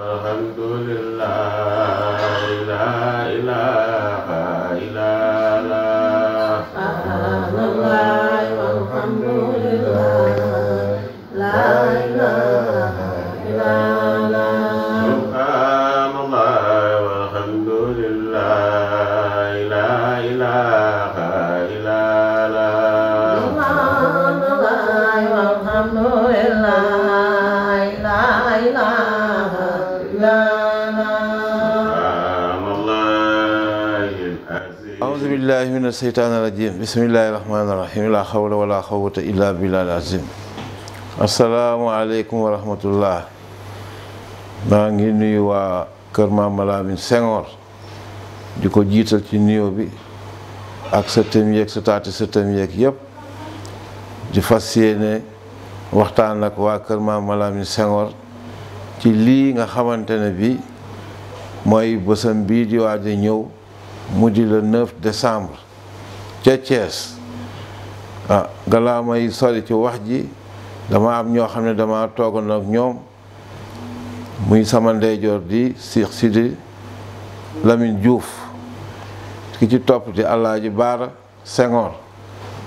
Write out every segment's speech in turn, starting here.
الحمد لله لا إله إلا الله سبحان الله والحمد لله لا إله إلا الله أعوذ بالله من الشيطان الرجيم بسم الله الرحمن الرحيم لا حول ولا قوة إلا بالله العظيم السلام عليكم maa ngi nuyu waa kër Mame Lamine Senghor di ko jiital ci nuyoo bi ak sa tëm yeeg sa taati sa tëm yeeg yëpp di fas yéene waxtaan ak waa kër Mame Lamine Senghor ci lii nga xamante ne bii mooy bësam bii di waaj ñëw mu di le 9 décembre ca Thiès ah galaa may sori ci wax ji dama am ñoo xam ne dama toogoon ak ñoom muy sama ndeyjoor di Cheikh Sidi lamin juuf ki ci topp di Alaaji Baara Senghor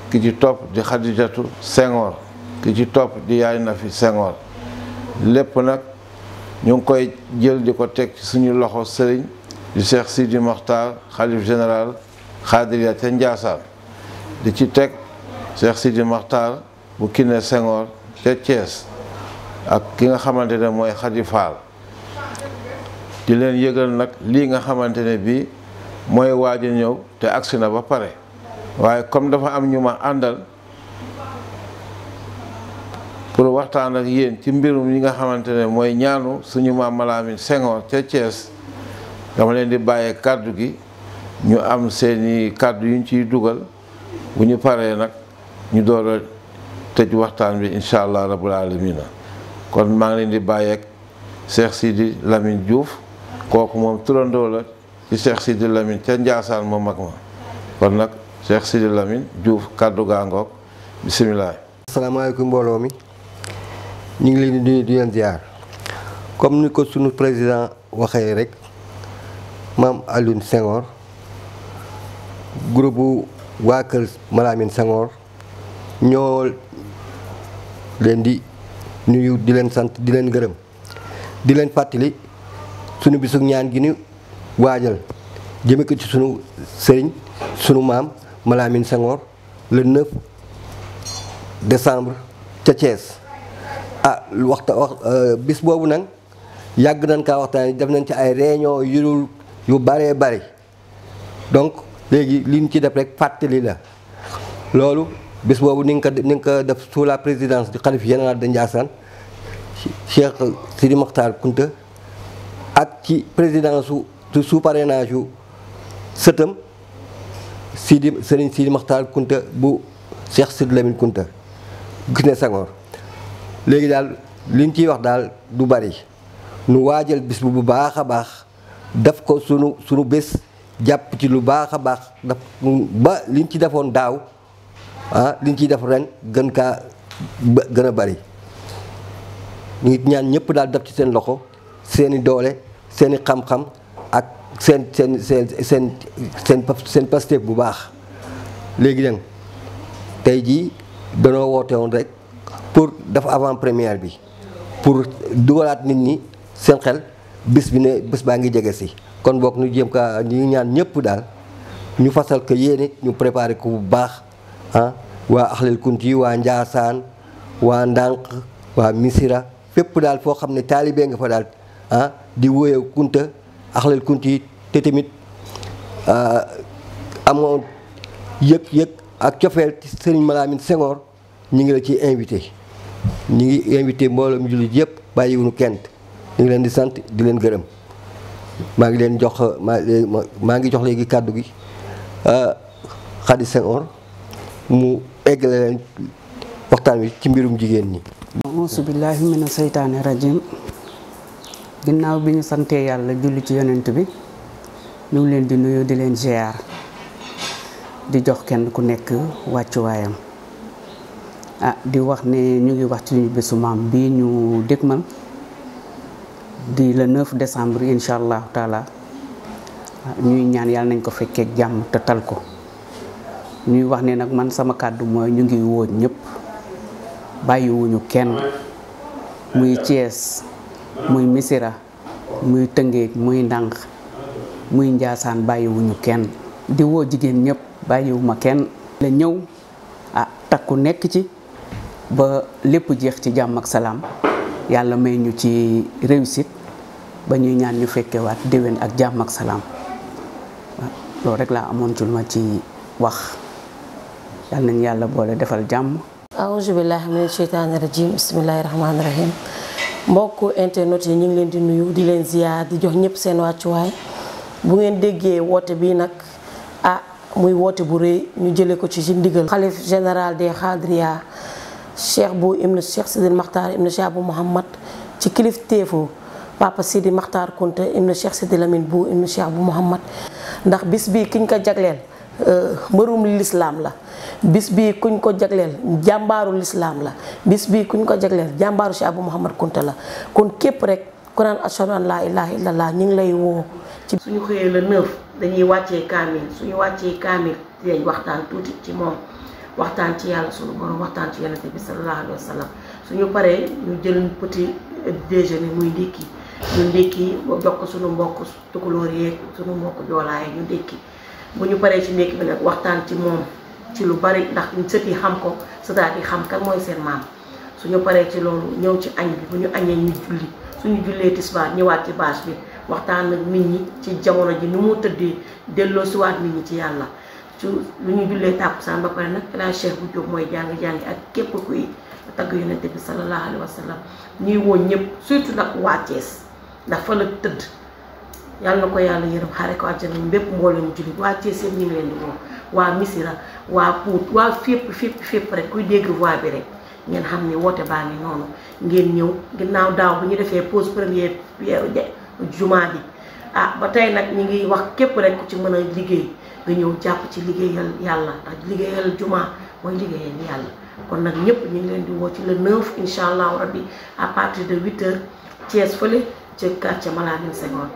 ki ci topp di Xadijatu Senghor ki ci topp di Yaay Nafi Senghor lépp nag ñu ngi koy jël di ko teg suñu loxo sëriñ di Cheikh Sidi Mokhtar xalif général xaadiriya te Njaasaan di ci teg Cheikh Sidi Mokhtar bu Kiné Senghor te Thiès ak ki nga xamante ne mooy Khady Fall di leen yëgal nag lii nga xamante ne bii mooy waaj a ñëw te agsi na ba pare waaye comme dafa am ñu ma àndal waxtaan ak yéen ci mbirum yi nga xamante ne mooy ñaanu suñu maam Malamine Senghor ca Thiès dama leen di bàyyee kàddu gi ñu am seeni kàddu yuñ ciy dugal bu ñu paree nag ñu door a tëj waxtaan bi incha allah rabbul alamina kon maa ngi leen di bàyyeek Cheikh siidi Lamine Diouf kooku moom turandoo la ci Cheikh Sidi Lamine ca Njaasaan ma mag ma kon nag Cheikh Sidi lamin Diouf kàddu gaangoog bisimilah. asalaamaaleykum mbooloo mi. ñu ngi leen di nuyu di leen ziar comme ni ko sunu président waxee rek maam Alioune Senghor groupe bu waa Malamine Senghor ñoo leen di nuyu di leen sant di leen gërëm di leen fàttali sunu bisu ñaan gi ñu waajal jëme ko ci sunu sëriñ sunu maam Malamine sengoor le 9 décembre ca Thiès. ah waxta wax eh, bis boobu nag yàgg nañ kaa waxtaan def nañ ci ay réunion yurul yu bëree bëri donc léegi li ñu ci def rek fàttali la loolu bis boobu ni nga ko ni nga ko def sous la présidence du xalif général de Ndiassane Cheikh Sidi Mokhtar Kounta ak ci présidence su sous parrainage yu sëtam Sidi Serigne Sidi Mokhtar Kounta bu Cheikh Sidi Lamine Kounta gis ne Senghor léegi daal liñ ciy wax daal du bari nu waajal bis bu bu baax a baax def ko sunu sunu bés jàpp ci lu baax a baax daf ba liñ ci defoon daaw ah liñ ciy def ren gën kaa gën a bari ñu ngi ñaan ñëpp daal def ci seen loxo seeni doole seeni xam-xam ak seen seen seen seen seen seen bu baax léegi nag tey jii danoo woote woon rek pour def avant première bi pour dugalaat nit ñi seen xel bis bi ne bis baa ngi jege si kon boog ñu jéem kaa ñu ñaan ñëpp daal ñu fasal ko yéene ñu préparé ko bu baax ah, waa waa Axlel Kunti waa Njaasaan waa Ndànk waa Misira fépp daal foo xam ne taalibee nga fa daal ah di wóoye Kunta Axlel Kunti te tamit ah, amoon yëg-yëg ak cofeel ci Sëriñ Malamine Senghor ñu ngi la ci invité ñu ngi invité mbooloo mi jullit yëpp bàyyi kenn kent ngi leen di sant di leen gërëm maa ngi leen jox maa maa ngi jox léegi kàddu gi xaddi ah, Khady Senghor mu eggale leen waxtaan wi ci mbirum jigéen ñi auusu billaahi na seytaane rajiim ginnaaw bi ñu santee yàlla julli ci yonent bi ñu ngi leen di nuyu di leen ziar di jox kenn ku nekk wàccuwaayam Ah, di wax ne ñu ngi wax ci ñu bésu maam bii ñu dégmal di la 9 décembre incha allahu taala ah, ñuy ñaan yàlla nañ ko fekkee jàmm te tal ko ñuy wax ne nag man sama kàddu mooy ñu ngi woo ñëpp bàyyiwuñu kenn muy Thiès muy Missira muy Tëngéej muy Ndànk muy Njaasaan bàyyiwuñu kenn di woo jigéen ñëpp bàyyiwuma kenn la ñëw a ah, takku nekk ci ba lépp jeex ci jàmm ak salaam yàlla may ñu ci réussite ba ñuy ñaan ñu waat déwén ak jàmm ak salaam loolu rek laa amoon ci ma ci wax yàlla nañ yàlla boole defal jàmm aouzu billahi mina sheytaani rajim bismillahi rahmaani rahim mbokku internet yi ñu ngi leen di nuyu di leen ziyaar di jox ñëpp seen wàccuwaay bu ngeen déggee woote bi nag a ah, muy woote bu rëy ñu jëlee ko ci ci ndigal xalif général des xaadriya cheikh bu ibnu cheikh sidil maxtaar ibnu cheikh bu muhammad ci kilifteefu papa sidi maxtaar kunta ibnu cheikh sidi bu ibnu cheikh bu muhammad ndax bis bii kiñ ko jagleel euh, mbërum lislaam la bis bi kuñ ko jagleel jàmbaaru lislaam la bis bi kuñ ko jagleel jàmbaaru cheikh bu muhammad kunta la kon képp rek ku naan ashhadu an laa ñu ngi lay woo ci suñu xëyee la neuf dañuy wàccee kaamil suñu wàccee kaamil dinañ waxtaan tuuti ci moom waxtaan ci yàlla sunu borom waxtaan ci yonent bi sallallahu alayhi wa sallam suñu paree ñu jël petit déjeuner muy ndékki ñu ndékki jokk suñu mbokk tukulóor yeeg suñu mbokk joolaa yi ñu ndékki bu ñu paree ci ndékki bi nag waxtaan ci moom ci lu bari ndax sët yi xam ko sëtaat yi xam kan mooy seen maam suñu paree ci loolu ñëw ci añ bi bu ñu añee ñu julli suñu jullee tisbaar ñëwaat ci bâche bi waxtaan ak nit ci jamono ji ni mu tëddee delloo siwaat nit ñi ci yàlla lu ñu jullee tàkkusaan ba pare nag la cheikh bu jóg mooy jàng-jàng ak képp kuy tagg yonente bi sallallahu alayhi wa sallam ñuy woon ñëpp surtout nag waa Thiès ndax fa tëdd yàlla na ko yàlla yërëm xare ko àjjana bépp mboolem jullit waa Thiès yëpp ñu ngi leen di waa misira waa Pout waa fépp fépp fépp rek kuy dégg voix bi rek ngeen xam ne woote baa ngi noonu ngeen ñëw ginnaaw daaw bu ñu defee pause première jumaa bi ah ba tey nag ñu ngi wax képp rek ku ci mën a nga ñëw jàpp ci liggéeyal yàlla ndax liggéeyal juma mooy liggéeyal yàlla kon nag ñëpp ñu ngi leen di woo ci le 9 incha allahu rabbi à partir de 8 heures Thiès fële ca quartier Malamine Senghor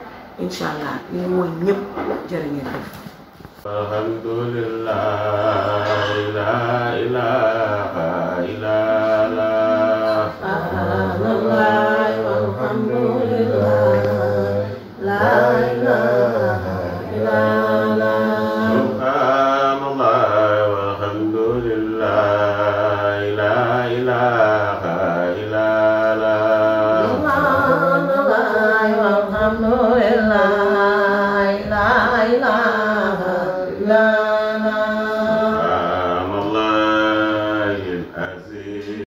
incha allah ñu ngi mooy ñëpp jërë alhamdulillah la ilaha